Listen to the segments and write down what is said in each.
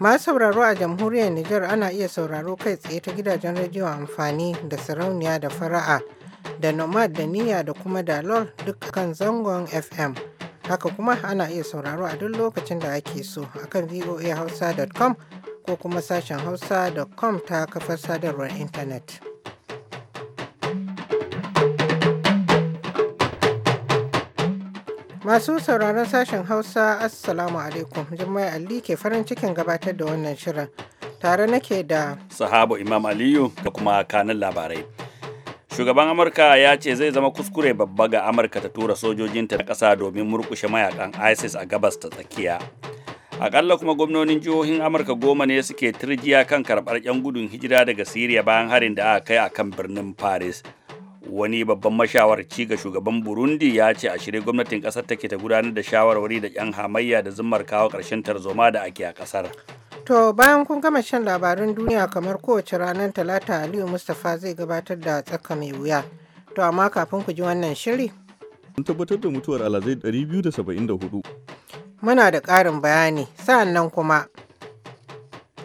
Ma sauraro a jamhuriyar Nijar ana iya sauraro kai tsaye ta gidajen rediyo amfani da sarauniya da fara'a da nomad da niyya da kuma duk dukkan zangon FM. Haka kuma ana iya sauraro a duk lokacin da ake so akan voahausa.com ko kuma sashen hausa.com ta kafar sadarwar intanet. Masu sauraron sashen Hausa Assalamu alaikum Jummai Ali ke farin cikin gabatar da wannan shirin. Tare nake da Sahabo Imam Aliyu da kuma kanin labarai. Shugaban Amurka ya ce zai zama kuskure babba ga Amurka ta tura sojojinta na ƙasa domin murƙushe mayakan ISIS a gabas ta tsakiya. Akalla kuma gwamnonin jihohin Amurka goma ne suke turjiya kan karɓar 'yan gudun hijira daga Siriya bayan harin da aka kai a kan birnin Paris. wani babban mashawarci ga shugaban burundi ya ce a shirye gwamnatin kasar take ta gudanar da shawarwari da yan hamayya da zumar kawo karshen tarzoma da ake a kasar to bayan kun gama shan labarin duniya kamar kowace ranar talata aliyu mustapha zai gabatar da tsaka mai wuya to amma kafin ku ji wannan shiri mun tabbatar da mutuwar alazai 274 muna da ƙarin bayani sa'an nan kuma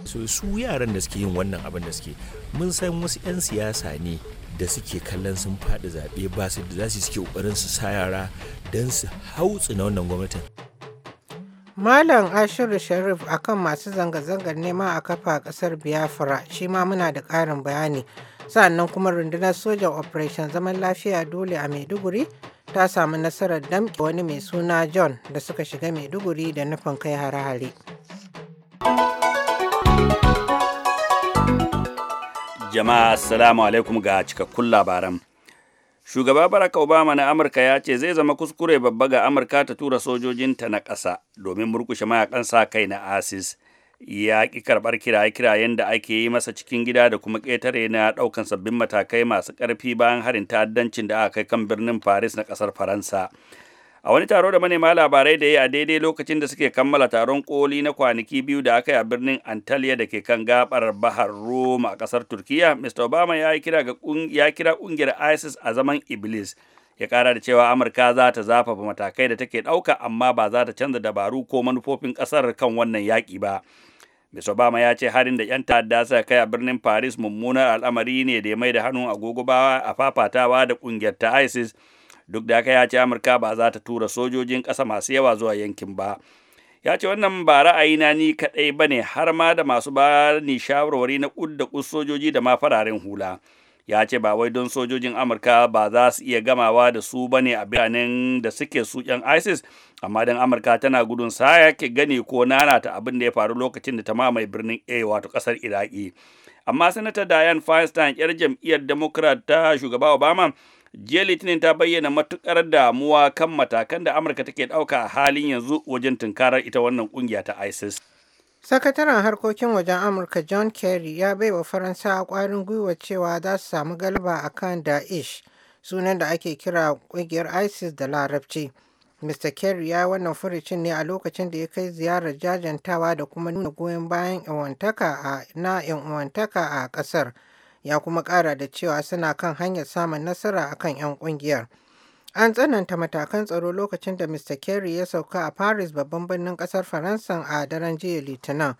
su yaran da suke yin wannan abin da suke mun san wasu 'yan siyasa ne da suke kallon sun faɗi zaɓe ba su da za su suke ƙoƙarin su sa yara don su hau na wannan gwamnatin. Malam Ashiru Sharif akan masu zanga-zangar nema a kafa ƙasar Biafra shi ma muna da ƙarin bayani. Sa'annan kuma rundunar sojan Operation Zaman Lafiya Dole a Maiduguri ta samu nasarar damƙe wani mai suna John da suka shiga Maiduguri da nufin kai hare-hare. jama'a assalamu alaikum ga cikakkun labaran shugaba barack obama na amurka ya ce zai zama kuskure babba ga amurka ta tura sojojinta na ƙasa domin murkushe mayakan sa kai na asis ya ƙi karɓar kiraye-kirayen da ake yi masa cikin gida da kuma ƙetare na ɗaukan sabbin matakai masu ƙarfi bayan harin ta'addancin da aka kai kan birnin paris na ƙasar faransa a wani taro da manema labarai da ya a daidai lokacin da suke kammala taron koli na kwanaki biyu da aka yi a birnin antalya da ke kan gabar bahar roma a ƙasar turkiya mr obama ya kira ya kira kungiyar isis a zaman iblis ya kara da cewa amurka za ta zafafa matakai da take ɗauka amma ba za ta canza dabaru ko manufofin ƙasar kan wannan yaƙi ba Mr. Obama ya ce harin da 'yan ta'adda suka kai a birnin Paris mummunar al'amari ne da ya mai da hannu a gogobawa a fafatawa da ƙungiyar ta ISIS duk da haka ya ce amurka ba za ta tura sojojin ƙasa masu yawa zuwa yankin ba ya ce wannan ba ra'ayi na ni kaɗai ba ne har ma da masu ba ni shawarwari na ƙud da ƙus sojoji da ma fararen hula ya ce ba wai don sojojin amurka ba za su iya gamawa da su ba ne a biranen da suke su yan isis amma don amurka tana gudun sake gani ko nanata abin da ya faru lokacin da ta mamaye birnin a wato ƙasar iraki amma sanata diane feinstein yar jam'iyyar democrat ta shugaba obama jiya litinin ta bayyana matukar damuwa kan matakan da amurka take ɗauka a halin yanzu wajen tunkarar ita wannan ƙungiya ta isis sakataren harkokin wajen amurka john kerry ya baiwa faransa kwarin gwiwa cewa za su samu galiba a kan daesh sunan da ake kira ƙungiyar isis da larabci mr kerry ya wannan furucin ne a lokacin da ya kai ziyarar jajantawa da kuma nuna goyon bayan 'yan uwantaka a ƙasar. ya kuma ƙara da cewa suna kan hanyar samun nasara a kan 'yan ƙungiyar. An tsananta matakan tsaro lokacin da Mr. Kerry ya sauka a Paris babban birnin ƙasar Faransa a daren jiya Litinin.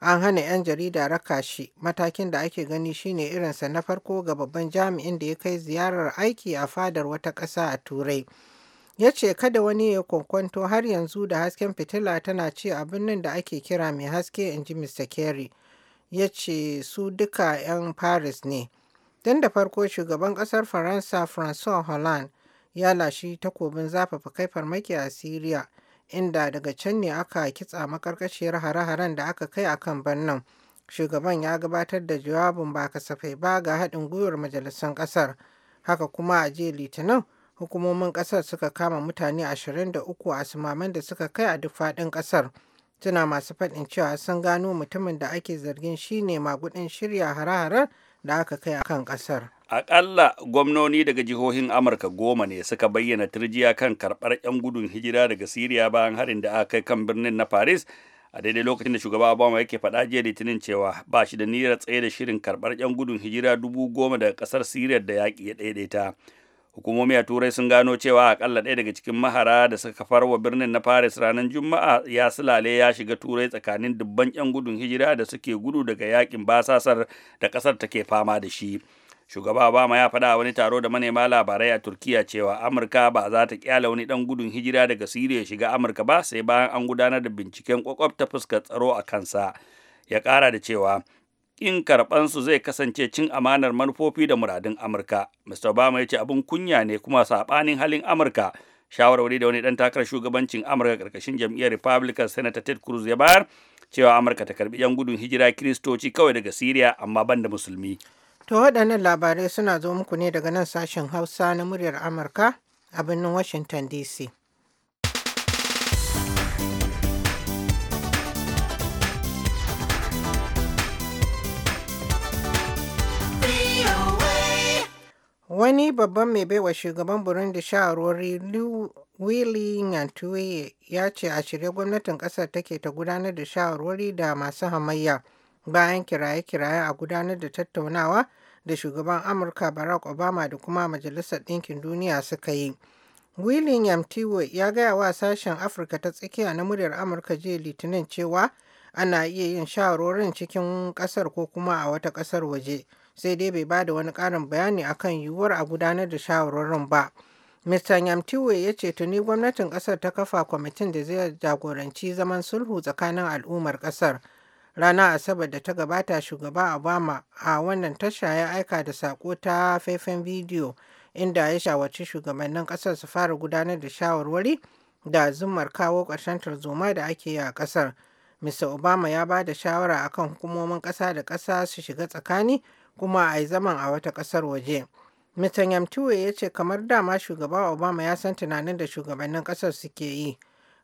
An hana 'yan jarida raka shi, matakin da ake gani shine irinsa na farko ga babban jami'in da ya kai ziyarar aiki a fadar wata ƙasa a Turai. Ya ce kada wani ya kwankwanto har yanzu da hasken fitila tana ce a birnin da ake kira mai haske in ji Mr. Kerry. ya ce su duka 'yan Paris ne. Tun da farko shugaban ƙasar Faransa François Hollande ya lashi takobin zafafa kai farmaki a Syria, inda daga can ne aka kitsa makarkashiyar hare-haren da aka kai a kan birnin. Shugaban ya gabatar da jawabin ba kasafai ba ga haɗin gwiwar Majalisar ƙasar. Haka kuma a jiya Litinin, hukumomin ƙasar suka kama mutane 23 a sumaman da suka kai a duk faɗin ƙasar. tuna masu faɗin cewa sun gano mutumin da ake zargin shine magudin shirya hare-haren da aka kai a kan ƙasar. Aƙalla gwamnoni daga jihohin Amurka goma ne suka bayyana turjiya kan karɓar 'yan gudun hijira daga Siriya bayan harin da aka kai kan birnin na Paris a daidai lokacin da shugaba Obama yake faɗa jiya litinin cewa ba shi da niyyar tsaye da shirin karɓar 'yan gudun hijira dubu goma daga ƙasar Siriya da yaƙi ya ɗaiɗaita. hukumomi a turai sun gano cewa akalla ɗaya daga cikin mahara da suka wa birnin na paris ranar juma'a ya silale ya shiga turai tsakanin dubban 'yan gudun hijira da suke gudu daga yakin basasar da ƙasar take fama da shi shugaba obama ya faɗa wani taro da manema labarai a turkiya cewa amurka ba za ta kyala wani ɗan gudun hijira daga siriya shiga amurka ba sai bayan an gudanar da binciken kwakwab ta fuskar tsaro a kansa ya ƙara da cewa ƙin karɓansu zai kasance cin amanar manufofi da muradun amurka mr obama ya ce abin kunya ne kuma saɓanin halin amurka shawarwari da wani ɗan takarar shugabancin amurka ƙarƙashin jam'iyyar republican senator ted cruz ya bayar cewa amurka ta karɓi 'yan gudun hijira kiristoci kawai daga siriya amma ban da musulmi to waɗannan labarai suna zo muku ne daga nan sashen hausa na muryar amurka a birnin washington dc Wani babban mai baiwa shugaban Burundi shawarwari Willy Nyantuwe ya ce a shirye gwamnatin ƙasar take ta gudanar da shawarwari da masu hamayya bayan kiraye-kiraye a gudanar da tattaunawa da shugaban Amurka Barack Obama da kuma Majalisar Ɗinkin Duniya suka yi. Willy Nyamtiwe ya gaya wa sashen Afirka ta tsakiya na muryar Amurka jiya Litinin cewa ana iya yin shawarwarin cikin ƙasar ko kuma a wata ƙasar waje. sai dai bai ba da wani ƙarin bayani akan yiwuwar a gudanar da shawarwarin ba. Mr. Nyamtiwe ya ce tuni gwamnatin ƙasar ta kafa kwamitin da zai jagoranci zaman sulhu tsakanin al'ummar ƙasar. Rana Asabar da ta gabata shugaba Obama a wannan tasha ya aika da sako ta faifan bidiyo inda ya shawarci shugabannin ƙasar su fara gudanar da shawarwari da zumar kawo ƙarshen tarzoma da ake yi a ƙasar. Mr. Obama ya ba da shawara akan hukumomin ƙasa da ƙasa su shiga tsakani kuma a yi zaman a wata ƙasar waje. Mr. Yamtuwe ya ce kamar dama shugaba Obama ya san tunanin da shugabannin ƙasar suke yi.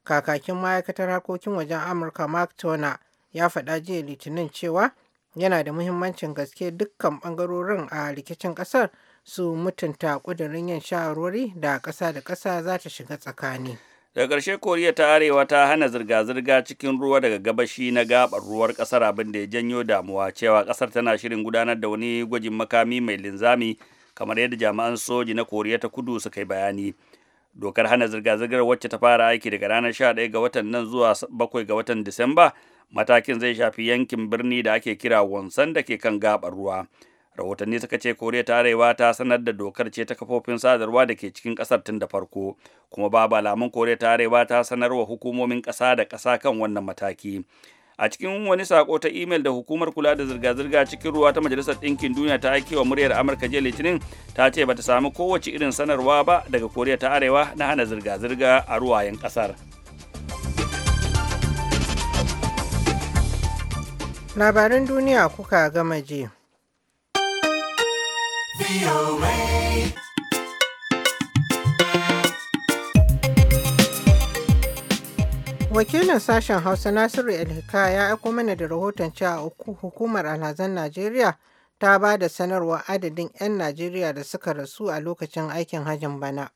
Kakakin ma'aikatar harkokin wajen Amurka Mark Turner ya faɗa jiya Litinin cewa yana da muhimmancin gaske dukkan ɓangarorin a rikicin ƙasar su mutunta ƙudurin yin shawarwari da ƙasa da ƙasa za ta shiga tsakani. daga ƙarshe koriya ta arewa ta hana zirga-zirga cikin ruwa daga gabashi na gabar ruwar ƙasar abin da ya janyo damuwa cewa ƙasar tana shirin gudanar da wani gwajin makami mai linzami kamar yadda jami'an soji na koriya ta kudu suka yi bayani dokar hana zirga-zirgar wacce ta fara aiki daga ranar 11 ga watan nan zuwa 7 ga watan disamba matakin zai shafi yankin birni da ake kira wonsan da ke kan gabar ruwa rahotanni suka ce koriya ta arewa ta sanar da dokar ce ta kafofin sadarwa da ke cikin kasar tun da farko kuma babu alamun koriya ta arewa ta sanarwa hukumomin kasa da kasa kan wannan mataki a cikin wani sako ta imel da hukumar kula da zirga-zirga cikin ruwa ta majalisar ɗinkin duniya ta aiki wa muryar amurka jiya litinin ta ce bata samu kowace irin sanarwa ba daga koriya ta arewa na hana zirga-zirga a ruwayen kasar labaran duniya kuka gama je wakilin sashen hausa nasiru elhika ya aiko mana da rahoton cewa hukumar alhazan najeriya ta ba da sanarwa adadin 'yan najeriya da suka rasu a lokacin aikin hajjin bana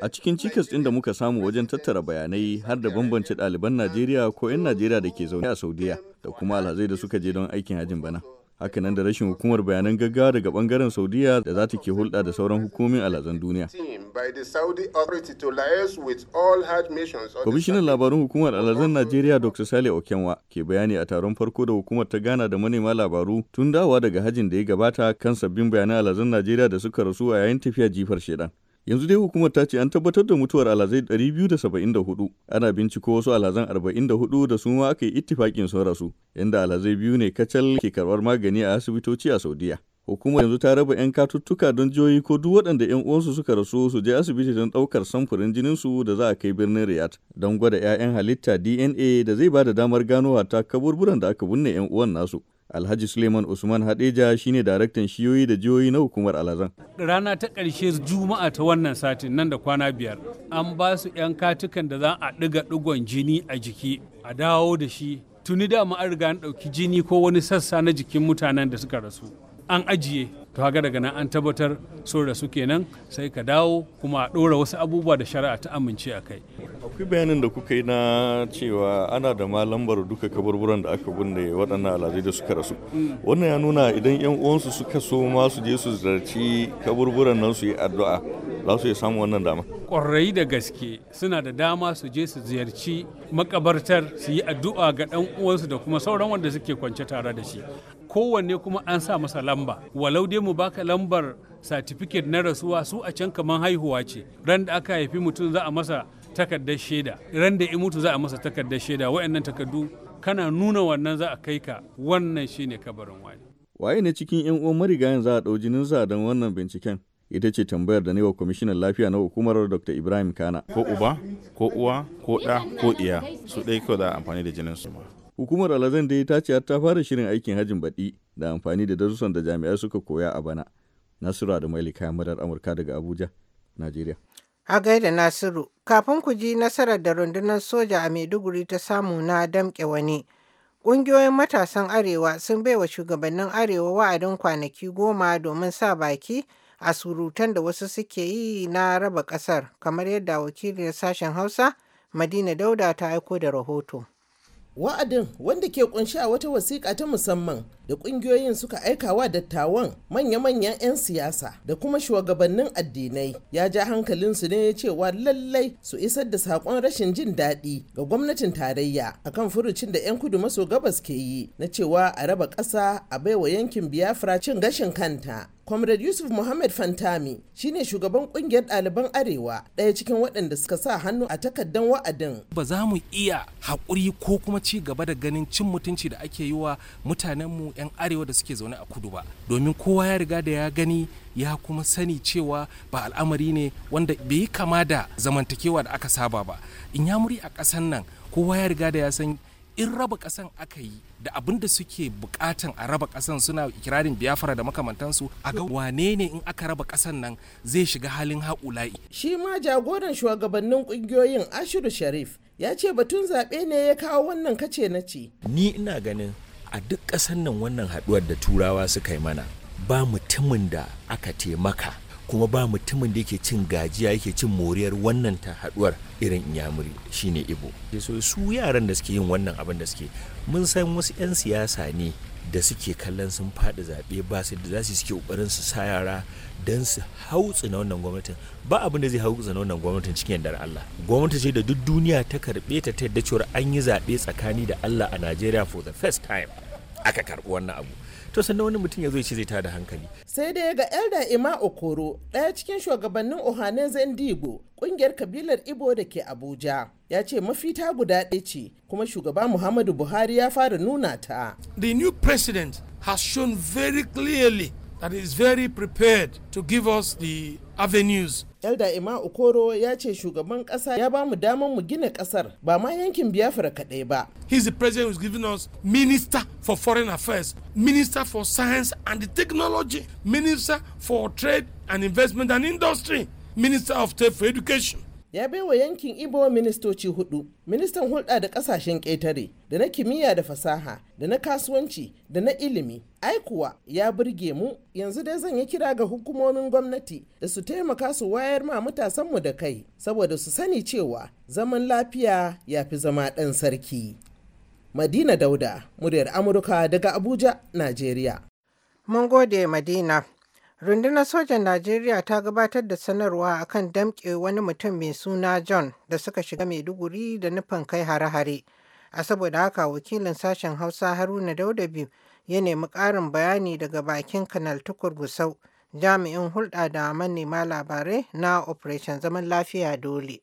A cikin cikas ɗin da muka samu wajen tattara bayanai har da bambance ɗaliban Najeriya ko 'yan Najeriya da ke zaune a Saudiya. da kuma alhazai da suka je don aikin hajin bana hakanan da rashin hukumar bayanan gaggawa daga bangaren saudiya da za ta ke hulɗa da sauran hukumomin alhazan duniya kwamishinan labarun hukumar alhazan najeriya dr sale okenwa ke bayani a taron farko da hukumar ta gana da manema labaru tun dawa daga hajin da ya gabata kan sabbin bayanan alhazan najeriya da suka rasu a yayin tafiya jifar shedan yanzu dai hukumar ta ce an tabbatar da mutuwar alazai 274 ana binciko wasu alazan 44 da su ma aka yi ittifakin sun rasu Inda alazai biyu ne kacal ke karbar magani a asibitoci a saudiya hukumar yanzu ta raba 'yan katuttuka don jihohi ko duk waɗanda 'yan uwansu suka rasu su je asibiti don ɗaukar samfurin jinin su da za a kai birnin Riyat, don gwada 'ya'yan halitta dna da zai ba da damar ganowa ta kaburburan da aka binne 'yan uwan nasu Alhaji Suleiman Usman Hadeja shine daraktan shiyoyi da jihohi na hukumar Alazan. Rana ta ƙarshe Juma'a ta wannan satin nan da kwana biyar an ba su 'yan katukan da za a ɗiga ɗigon jini a jiki a dawo da shi tuni da an riga an ɗauki jini ko wani sassa na jikin mutanen da suka rasu an ajiye to haka daga nan an tabbatar da rasu kenan sai ka dawo kuma a ɗora wasu abubuwa da shari'a ta amince a kai akwai bayanin da kuka yi na cewa ana da ma lambar duka kaburburan da aka binne waɗannan alazai da suka rasu wannan ya nuna idan yan uwansu suka so ma su je su zarci kaburburan nan su yi addu'a za su iya samu wannan dama ƙwarai da gaske suna da dama su je su ziyarci makabartar su yi addu'a ga ɗan uwansu da kuma sauran wanda suke kwance tare da shi kowanne kuma an sa masa lamba walau dai mu baka lambar satifiket na rasuwa su a can kamar haihuwa ce ran da aka haifi mutum za a masa takardar shaida ran da mutu za a masa takardar shaida wayannan takardu kana nuna wannan za a kai ka wannan shine kabarin wani waye ne cikin yan uwan marigayen za a jinin sa dan wannan binciken ita ce tambayar da ne wa kwamishinan lafiya na hukumar dr ibrahim kana ko uba ko uwa ko ɗa ko iya su ɗaya kyau za a amfani da jinin su ma Hukumar Alazan dai ta ce ta fara shirin aikin hajin baɗi da amfani da darussan da jami'ai suka koya a bana. Nasiru da mai kayan madar Amurka daga Abuja, Najeriya. A gaida Nasiru, kafin ku ji nasarar da rundunar soja a Maiduguri ta samu na damƙe wani. Ƙungiyoyin matasan Arewa sun bai wa shugabannin Arewa wa'adin kwanaki goma domin sa baki a surutan da wasu suke yi na raba ƙasar, kamar yadda wakilin sashen Hausa Madina Dauda ta aiko da rahoto. Wa'adin wanda ke kunshi a wata wasiƙa ta musamman da ƙungiyoyin suka aikawa wa dattawan manya-manyan 'yan siyasa da kuma shugabannin addinai ya ja hankalinsu ne cewa lallai su isar da saƙon rashin jin daɗi ga gwamnatin tarayya akan furucin da 'yan kudu maso gabas ke yi na cewa a raba ƙasa a baiwa yankin Biafra cin gashin kanta. comrade yusuf mohammed fantami shine shugaban kungiyar ɗaliban arewa ɗaya cikin waɗanda suka sa hannu a takardar wa'adin ba za mu iya haƙuri ko kuma ci gaba da ganin cin mutunci da ake yi wa mutanenmu 'yan arewa da suke zaune a kudu ba domin kowa ya riga da ya gani ya kuma sani cewa ba al'amari ne wanda bai yi kama da zamantakewa da aka saba ba in ya muri a ƙasan nan kowa ya riga da ya san in raba kasan aka yi da abin da suke bukatan a raba kasan suna ikirarin biyafara da makamantansu a ga wane ne in aka raba kasan nan zai shiga halin haƙula'i. shi ma jagoran shugabannin kungiyoyin ashiru sharif ya ce batun zaɓe ne ya kawo wannan kace na ce ni ina ganin a duk ƙasan nan wannan haɗuwar da turawa suka yi mana ba mutumin da aka taimaka kuma ba mutumin da yake cin gajiya yake cin moriyar wannan ta haduwar irin inyamuri shine ibo so su yaran da suke yin wannan abin da suke mun san wasu 'yan siyasa ne da suke kallon sun faɗi zaɓe ba su da za su suke ƙoƙarin su sa yara don su hautsu na wannan gwamnatin ba abin da zai hautsu na wannan gwamnatin cikin yardar Allah gwamnati ce da duk duniya ta karɓe ta ta yadda cewar an yi zaɓe tsakani da Allah a Najeriya for the first time aka karɓi wannan abu to sannan wani mutum ya zo ce zai tada hankali sai dai ga elda ima okoro ɗaya cikin shugabannin ohanen zendigo ƙungiyar kabilar ibo da ke abuja ya ce mafita guda ɗaya ce kuma shugaba muhammadu buhari ya fara nuna ta the new president has shown very clearly that he is very prepared to give us the avenues Elda Ima Okoro ya ce shugaban kasa ya ba mu damar mu gina kasar ba ma yankin Biafra kaɗai ba. He's the president who's giving us minister for foreign affairs, minister for science and the technology, minister for trade and investment and industry, minister of trade for education. ya bai wa yankin Ibo ministoci hudu, ministan hulɗa da ƙasashen ƙetare, da na kimiyya da fasaha, da na kasuwanci, da na ilimi. Aikuwa ya burge mu yanzu dai zan yi kira ga hukumomin gwamnati da su taimaka su wayar ma matasanmu da kai, saboda su sani cewa zaman lafiya ya fi zama ɗan sarki. Madina Dauda, muryar Amurka daga Abuja, Najeriya. Mun gode Madina. Rundunar sojan Najeriya ta gabatar da sanarwa a kan damƙe wani mutum mai suna John da suka shiga Maiduguri da nufin kai hare-hare. A saboda haka wakilin sashen Hausa Haruna Daudabi ya nemi ƙarin bayani daga bakin Kanal Tukur Gusau, jami'in hulɗa da manema labarai na Operation Zaman Lafiya Dole.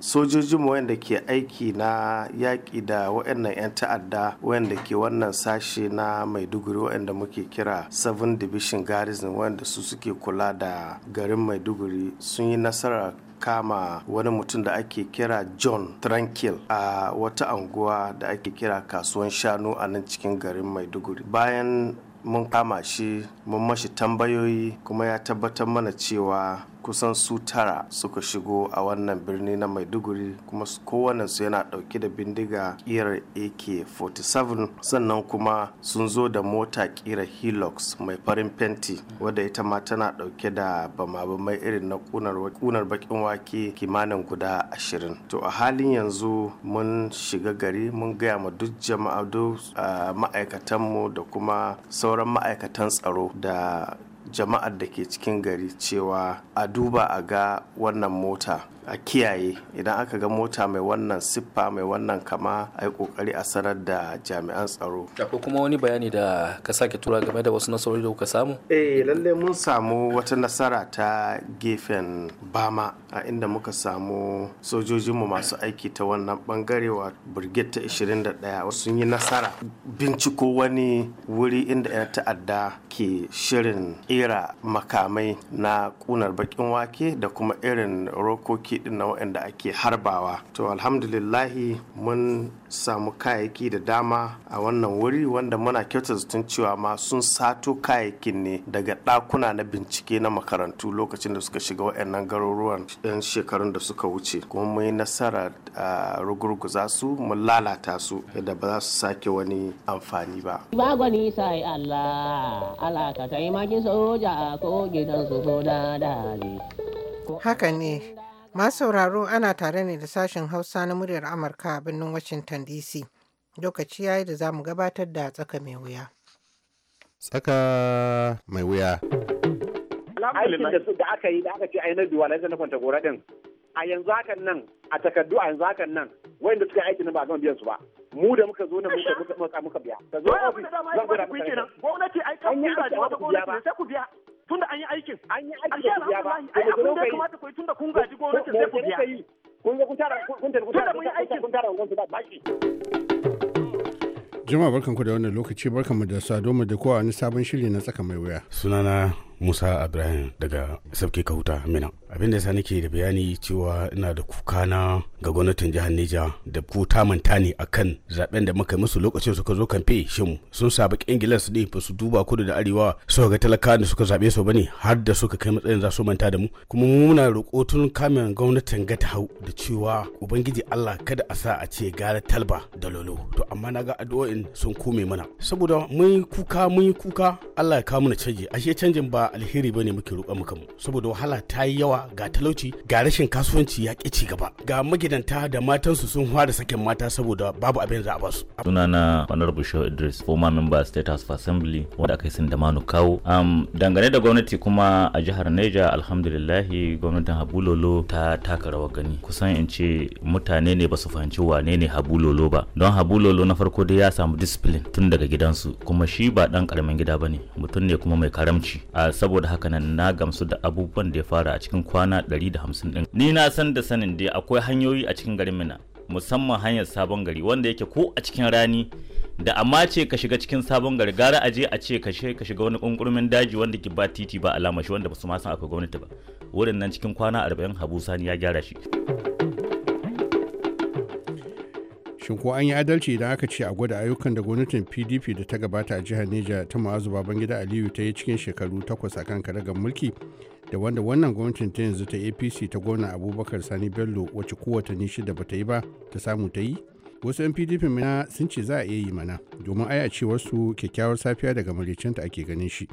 sojojin wanda ke aiki na yaƙi da waɗannan 'yan ta'adda wanda ke wannan sashe na maiduguri wanda muke kira 7 division garrison wanda su suke kula da garin maiduguri sun yi nasarar kama wani mutum da ake kira john tranquil a wata anguwa da ake kira kasuwan shanu a nan cikin garin maiduguri bayan mun kama shi mun mashi tambayoyi kuma ya tabbatar mana cewa kusan su tara suka shigo a wannan birni na maiduguri kuma kowane su yana dauke da bindiga kirar ak-47 sannan kuma sun zo da mota kirar hilux mai farin fenti wadda ita ma tana dauke da bama irin na kunar bakin wake kimanin guda ashirin to a halin yanzu mun shiga gari mun gaya ma duk jama'a ah, ma'aikatanmu da kuma sauran ma'aikatan tsaro da jama'ar da ke cikin gari cewa a duba a ga wannan mota a kiyaye idan aka ga mota mai wannan siffa mai wannan kama a yi kokari a sanar da jami'an tsaro akwai kuma wani bayani da ka sake tura game da wasu nasarori da kuka samu eh lalle mun samu wata nasara ta gefen bama a inda muka samu sojojinmu masu aiki ta wannan bangare wa brigade ta 21 sun yi nasara binciko wani wuri inda 'yan ta'adda ke shirin Ira makamai na kunar baƙin wake da kuma irin rokoki din na waɗanda ake harbawa to alhamdulillahi mun samu kayayyaki da dama a wannan wuri wanda muna kyauta zaton cewa ma sun sato kayayyakin ne daga ɗakuna na bincike na makarantu lokacin da suka shiga waɗannan garuruwan 'yan shekarun da suka wuce kuma mun yi nasara a rugurguza su mun lalata su da ba za su sake wani amfani ba. Ba gwani sai Allah, Allah ka soja ko gidan su ko Haka ne, Masu sauraro ana tare ne da sashen Hausa na muryar Amurka a birnin Washington DC. Lokaci yayi da za mu gabatar da tsaka mai wuya. Tsaka mai wuya. Aikin da su da aka yi da aka ce ai na duwa na kwanta gora din. A yanzu hakan nan a takardu a yanzu hakan nan wanda suka aiki ba ba gama biyan su ba. Mu da muka zo na muka muka biya. Ka zo ofis zan gwada muka. Gwamnati ai kan biya da wata gwamnati sai ku biya. tunda an yi aikin an yi aikin ya ba ai abin da ya kamata ku yi tunda kun gaji gwamnati sai ku biya kun kun tara kun tara kun tara kun tara kun tara kun tara jama'a Jama'a barkanku da wannan lokaci mu da mu da kowa wani sabon shiri na tsaka mai wuya. Sunana Musa Ibrahim daga Sabke Kahuta Mina. abin da yasa nake da bayani cewa ina da kuka na ga gwamnatin jihar Neja da ku ta manta ne akan zaben da muka musu lokacin suka zo kamfe shin sun saba bakin gilas ne ba su duba kudu da arewa suka ga talaka da suka zabe su bane har da suka kai matsayin za su manta da mu kuma muna roƙo tun kamin gwamnatin ga ta hau da cewa ubangiji Allah kada a sa a ce gara talba da lolo to amma na ga addu'o'in sun kome mana saboda mun kuka mun kuka Allah ya kawo mana canji ashe canjin ba alheri bane muke roƙa muka mu saboda wahala ta yi yawa ga talauci ga rashin kasuwanci ya ƙi ci gaba ga magidanta da matansu sun fara sakin mata saboda babu abin za a basu. sunana honorable show idris former member state house of assembly wanda aka yi sin da manu kawo um, dangane da gwamnati kuma a jihar neja alhamdulillah gwamnatin habulolo ta taka rawa gani kusan in ce mutane ne ba su fahimci wane ne lolo ba don habu lolo na farko dai ya samu discipline tun daga gidansu kuma shi ba dan karamin gida ba ne. mutum ne kuma mai karamci saboda haka nan na gamsu da abubuwan da ya fara a cikin kwana 150 din ni na san da sanin dai akwai hanyoyi a cikin garin mina musamman hanyar sabon gari wanda yake ko a cikin rani da amma ce ka shiga cikin sabon gari gara a je a ce ka shiga wani kunkurmin daji wanda ke ba titi ba alama shi wanda ba su ma san akwai gwamnati ba wurin nan cikin kwana 40 habu sani ya gyara shi shin ko an yi adalci idan aka ce a gwada ayyukan da gwamnatin pdp da ta gabata a jihar neja ta ma'azu babangida aliyu ta yi cikin shekaru takwas a kan karagar mulki da wanda wannan gwamnatin ta yanzu ta apc ta gwamna abubakar sani bello wacce kowatanni shida ba ta yi ba ta samu ta yi wasu 'yan pdp mana sun ce za a iya yi mana domin ai a ce wasu kyakkyawar safiya daga maricinta ake ganin shi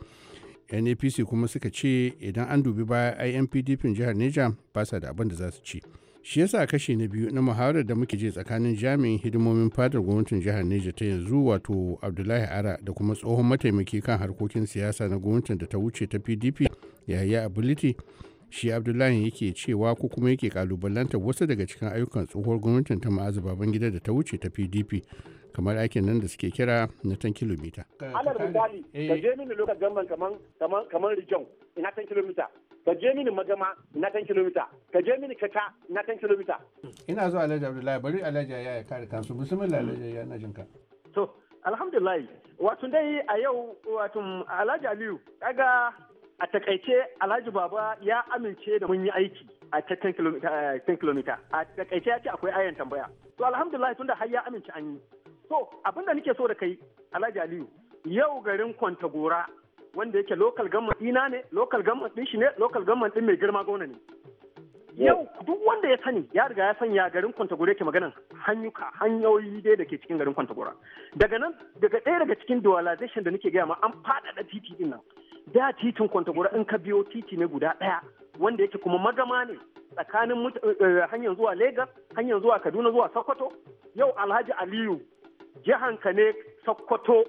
yan kuma suka ce idan an dubi baya ai 'yan pdp jihar neja ba sa da abin da za su ce shi yasa kashi na biyu na muhawarar da muke je tsakanin jami'in hidimomin fadar gwamnatin jihar neja ta yanzu wato abdullahi ara da kuma tsohon mataimaki kan harkokin siyasa na gwamnatin da ta wuce ta pdp yayi ability shi abdullahi yake cewa ko kuma yake kalubalantar wasu daga cikin ayyukan tsohuwar gwamnatin ta ma'azu babangida da ta wuce ta pdp kamar aikin nan da suke kira na tan kilomita. Alal misali, ka eh. je mini lokacin gamban kaman kaman kaman Rijau ina tan kilomita. Ka je mini Magama ina tan kilomita. Ka je mini Kaka ina tan kilomita. Ina zuwa Alhaji Abdullahi bari Alhaji ya kare kansu bismillah Alhaji ya na jinka. To alhamdulillah wato dai a yau wato Alhaji Aliyu kaga a takaice Alhaji Baba ya amince da mun yi aiki a cikin kilomita a takaice ya ce akwai ayan tambaya to alhamdulillah tunda har ya amince an yi so abin da nake so da kai alhaji aliyu yau garin kwantagora wanda yake local government ina ne local government din shi ne local government din mai girma gona ne yau duk wanda ya sani ya riga ya sanya garin kwantagora yake maganan hanyuka hanyoyi dai da ke cikin garin kwantagora daga nan daga ɗaya daga cikin dualization da nake gaya ma an faɗaɗa titi din nan da titin kwantagora in ka biyo titi ne guda ɗaya wanda yake kuma magama ne tsakanin eh, eh, hanyar zuwa Legas, hanyar zuwa Kaduna zuwa Sokoto, yau Alhaji Aliyu jihanka ne sokoto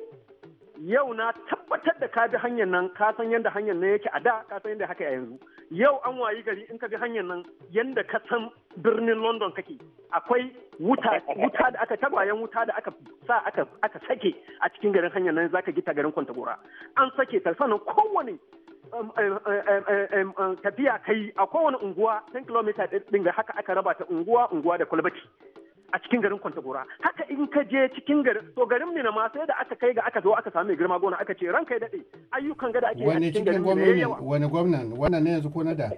yau na tabbatar da ka bi hanyar nan ka san yadda hanyar nan yake a da ka san yadda haka a yanzu yau an wayi gari in ka bi hanyar nan yadda ka san birnin london kake akwai wuta da aka yan wuta da aka sa aka sake a cikin garin hanyar nan zaka gita garin kwantagora an sake ta kowane um, um, um, tafiya kai a kowane unguwa 10 km din da haka aka raba ta unguwa unguwa da kwalbati a cikin garin Kwantagora haka in ka je cikin garin to garin Mina ma sai da aka kai ga aka zo aka sami girma gona aka ce ranka ya dade ayyukan gada da ake a cikin garin yawa. wani gwamnan wannan ne yanzu ko na da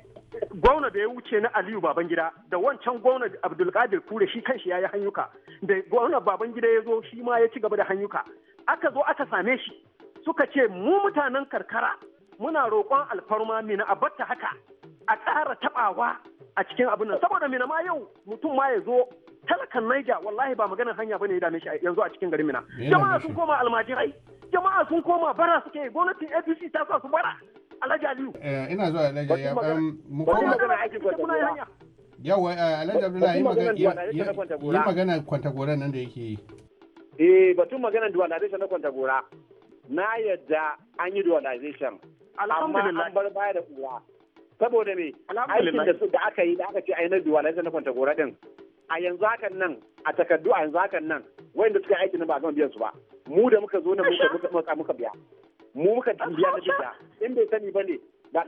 gwamna da ya wuce na Aliyu Babangida da wancan gwamna Abdulkadir Kure shi kanshi yayi hanyuka da gwamna Babangida ya zo shi ma ya ci gaba da hanyuka aka zo aka same shi suka ce mu mutanen karkara muna roƙon alfarma mina a batta haka a ƙara taɓawa a cikin abin nan saboda mina ma yau mutum ma ya zo talakan Niger wallahi ba maganar hanya bane ya dame shi yanzu a cikin garin Mina jama'a sun koma almajirai jama'a sun koma bara suke gwamnatin APC ta sa su bara Alhaji Aliyu eh, ina zuwa Alhaji ya um, mu koma yawa eh, Alhaji Abdullahi yi magana kwanta gora nan da yake yi eh batun magana dualization na kwanta gora na yadda an yi dualization amma an bar baya da kura saboda me aikin da aka yi da aka ce a na dualization na kwanta gora din a yanzu hakan nan a takardu a yanzu hakan nan wayanda suka aiki aikin ba a gama biyan su ba mu da muka zo na muka muka muka biya mu muka biya na biya in bai sani ba ne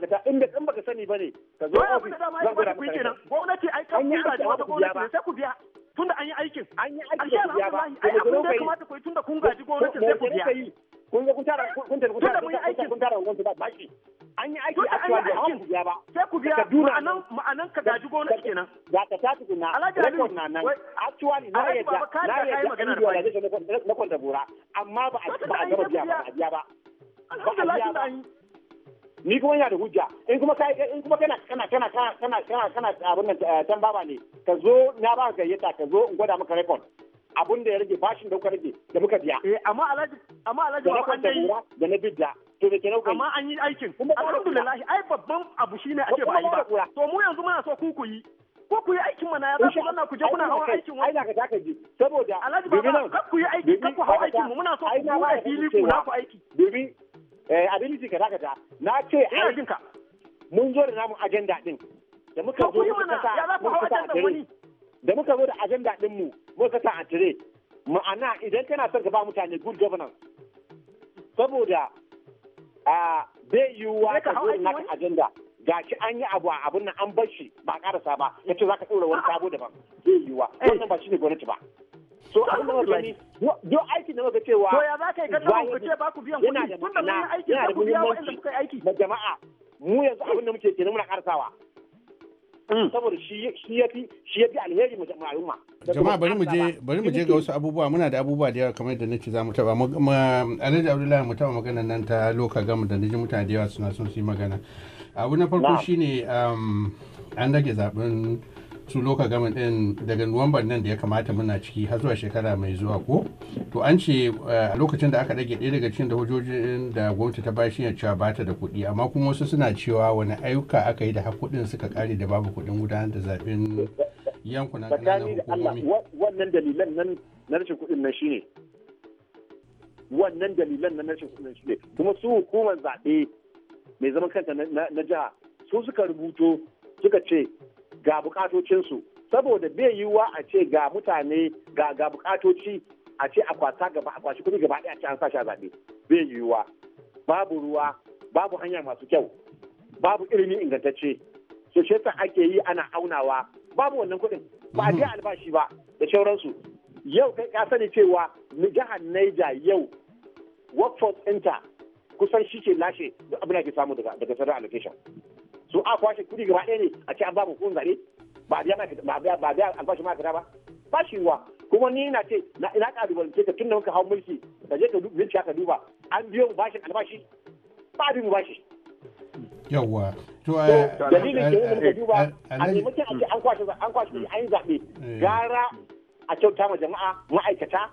ta in da in baka sani ba ne ka zo ofis zan gwada maka kenan gwamnati ai kan biya da wata gwamnati sai ku biya tunda an yi aikin an yi aikin ku biya ba ai abin da ya kamata ku yi tunda kun gaji gwamnati sai ku biya kun kun tara kun tara kun tara kun tara kun tara kun tara an yi aiki a cewa da hawan biya ba sai ku biya ma'anan ma'anan ka gaji gona kenan ga ka ta tuku na alhaji na nan actually na na yadda na yadda na kwanta bura amma ba a ba a gaba biya ba a biya ba ni kuma yana da hujja in kuma kai in kuma kana kana kana kana kana kana abin nan eh, baba ne ka zo na ba gayyata ka zo in gwada maka record abun da ya rage bashin da kuka rage da muka biya. Eh amma alhaji amma alhaji ba an yi. da na bidda to da kenan amma an yi aikin Alhamdulillahi, ai babban abu shine a ce ba yi ba to mu yanzu muna so ku ku yi ko ku yi aikin mana ya zama ku ku je kuna hawa aikin wani. Ai da ka taka ji saboda alhaji ba kar ku yi aiki kar ku hawa aikin mu muna so ku buɗe fili ku na ku aiki. Bibi. eh ability ka taka ta na ce ka. mun zo da namu agenda din da muka zo da kasa. ya za ku hawa agenda wani. da muka zo da ajanda ɗinmu muka sa a tire ma'ana idan kana son ka ba mutane good governance saboda a bai yiwuwa ka zo da naka ajanda shi an yi abu a abun nan an bar shi ba karasa ba ya ce za ka ɗora wani sabo daban bai yiwuwa eh. wannan ba shi ne gwamnati ba so abin da gani duk aikin da muka cewa to ya za ka yi ka samu ku ce ba ku biyan kuɗi tun da mun yi aiki ba ku biya waɗanda suka yi aiki jama'a mu yanzu abin da muke kenan muna karasawa Mm. saboda shi ya fi shi ya fi alheri mu al'umma jama'a bari mu je bari mu je ga wasu abubuwa muna da abubuwa da yawa kamar yadda nace za mu taba Alhaji Abdullahi mu taba magana nan ta loka gama da naji mutane da yawa suna son su yi magana abu na farko shine um, an rage zaben su local government din daga nuwamban nan da ya kamata muna ciki har zuwa shekara mai zuwa ko to an ce a eh, lokacin da aka rage ɗaya daga cikin da hujjojin da gwamnati ta bashi ya cewa ba ta da kuɗi amma kuma wasu suna cewa wani ayyuka aka yi da kuɗin suka kare da babu kuɗin gudanar da zaɓen yankunan ƙananan hukumomi wannan dalilan nan na rashin kuɗin nan shine wannan dalilan na rashin kuɗin shine kuma su hukumar zaɓe mai zaman kanta na jiha su suka rubuto suka ce ga bukatocinsu saboda bai yiwuwa a ce ga mutane ga ga bukatoci a ce akwata gaba a kwashi kudi gaba ɗaya ce an sashi a zaɓe bai yiwuwa babu ruwa babu hanya masu kyau babu ilimi ingantacce so shi ake yi ana aunawa babu wannan kuɗin ba a je mhm. albashi ba da shauransu yau kai ka sani cewa jihar Niger yau workforce inter kusan shi ke lashe duk abin da ke samu daga daga sarar allocation su a kwashe kudi gaba ɗaya ne a ce an ba mu kun zare ba biya ba biya albashin ma'aikata ba ba shi wa kuma ni na ce na ina ce ka tunda muka hau mulki ka je ka bincika ka duba an biyo mu bashin albashi ba biyo mu bashi yawwa to a eh, dalilin ke da muka eh, duba eh, a maimakon a ce an kwashe an kwashe an zaɓe gara a kyauta ma jama'a ma'aikata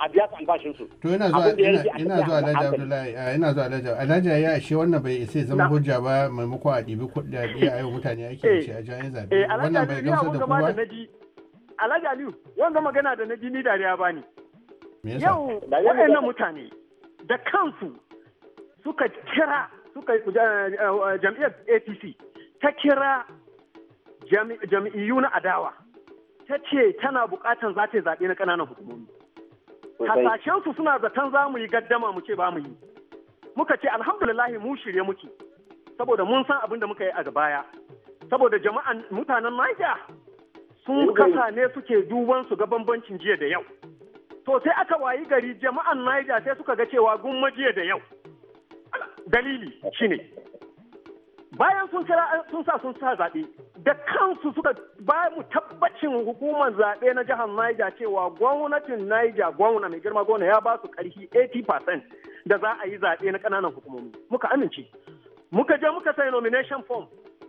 a biya su albashin su to ina zuwa ina zuwa alhaji abdullahi ina zuwa alhaji alhaji ya shi wannan bai sai zama hujja ba maimakon a ɗibi kuɗaɗe a yau mutane ake eh, wuce a jayin eh, zabe wannan bai gamsar da kowa alhaji aliyu wanda magana da na ji ni dariya ba ni. yau waɗannan mutane da kansu suka kira suka eh, jam'iyyar apc ta kira jam'iyyu na adawa ta ce tana bukatan za ta zaɓe na ƙananan hukumomi su suna zaton za mu yi gaddama mu ce ba mu yi muka ce "Alhamdulillah mu shirye muke saboda mun san abin da muka yi a baya saboda jama'an mutanen Niger sun kasa ne suke duban su ga bambancin jiya da yau to sai aka wayi gari jama'an Niger sai suka ga cewa gumma jiya da yau dalili shine bayan sun kira sun sa sun sa zaɓe da kansu suka ba mu tabbacin hukumar zaɓe na jihar Niger cewa gwamnatin Niger gwamna mai girma gona ya ba su ƙarfi 80% da za a yi zaɓe na ƙananan hukumomi muka amince muka je muka sai nomination form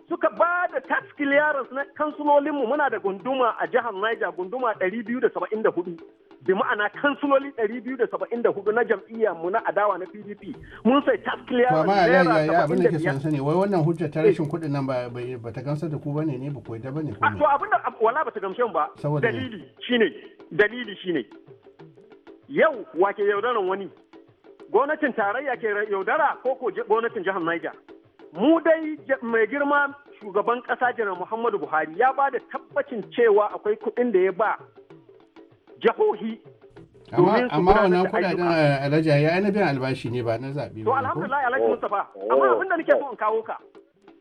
suka ba da tax clearance na kansulolinmu muna da gunduma a jihar Niger gunduma 274 bi ma'ana kansuloli 274 na jam'iyyar mu na adawa na PDP mun sai tax ba ma ya abin da ke son sani wai wannan hujja ta rashin eh. kuɗin nan ba ta gamsar da ku bane ne ba ko yadda ah, bane ko to abin da wala ba ta gamshe ba dalili shine dalili shine yau wake yaudaran wani gwamnatin tarayya ke yaudara ko ko gwamnatin jihar Niger mu dai mai girma shugaban kasa jiran Muhammadu Buhari ya ba da tabbacin cewa akwai kuɗin da ya ba jihohi amma wannan kudaden eh, alhaji ya na biyan albashi ne ba na zaɓe to alhamdulillah alhaji oh. mustapha amma oh. abin da nake so in kawo ka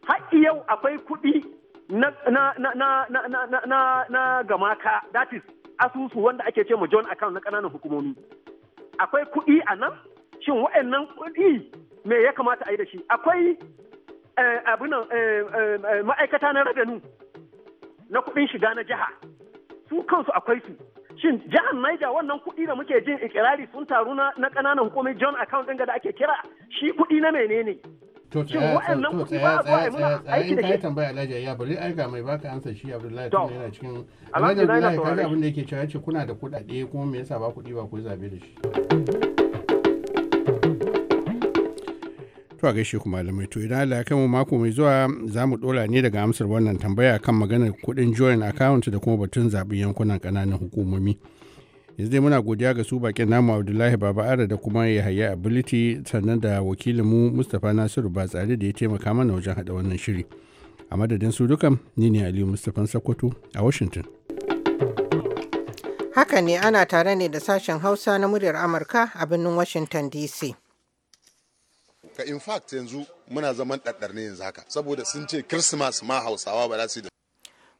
har yau akwai kuɗi na na na na na na gamaka that is asusu wanda ake ce ma john account na ƙananan hukumomi akwai kuɗi a nan shin wa'annan kuɗi me ya kamata a yi da shi akwai eh, abinan eh, ma'aikata na rabenu na kuɗin shiga na jiha su kansu akwai su shin jihar Niger wannan kuɗi da muke jin ikirari sun taru na ƙananan hukumomin John account ɗin da ake kira shi kuɗi na menene? To tsaya tsaya tsaya in ya bari ai ga mai baka ansa shi Abdullahi tun yana cikin Alhaji Abdullahi kaga abin da yake cewa ce kuna da kuɗaɗe kuma me yasa ba kuɗi ba ku zabe da shi. To a gaishe kuma malamai to idan Allah ya kai mu mako mai zuwa za mu dora ne daga amsar wannan tambaya kan maganar kuɗin joint account da kuma batun zaɓen yankunan ƙananan hukumomi. yanzu dai muna godiya ga su bakin namu abdullahi baba ara da kuma yahaya ability sannan da wakilin mu mustapha nasiru batsari da ya taimaka mana wajen haɗa wannan shiri a madadin su dukan ni ne aliyu mustapha sokoto a washington haka ne ana tare ne da sashen hausa na muryar amurka a birnin washington dc ka in fact yanzu muna zaman ɗaɗɗar yanzu haka saboda sun ce Christmas ma Hausawa ba za su da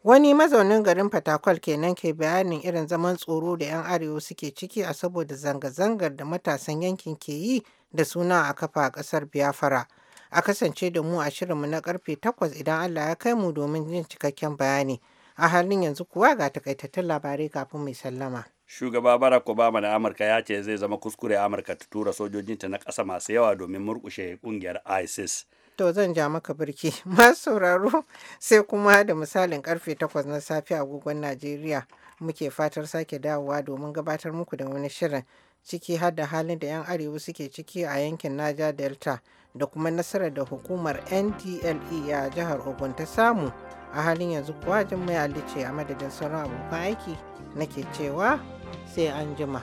Wani mazaunin garin Fatakwal kenan ke bayanin irin zaman tsoro da 'yan Arewa suke ciki a saboda zanga-zangar da matasan yankin ke yi da suna a kafa a ƙasar Biafra. A kasance da mu a shirinmu na karfe takwas idan Allah ya kai mu domin jin cikakken bayani. A halin yanzu kuwa ga takaitattun labarai kafin mai sallama. shugaba barack obama na amurka ya ce zai zama kuskure amurka ta tura sojojinta na ƙasa masu yawa domin murƙushe ƙungiyar isis to zan ja maka birki masu sauraro sai kuma da misalin karfe 8 na safe agogon najeriya muke fatar sake dawowa domin gabatar muku da wani shirin ciki har da halin da 'yan arewa suke ciki a yankin naja delta da kuma nasarar da hukumar ndle a jihar ogun ta samu a halin yanzu kuwa jin mai a madadin sauran abokan aiki nake cewa sai an jima.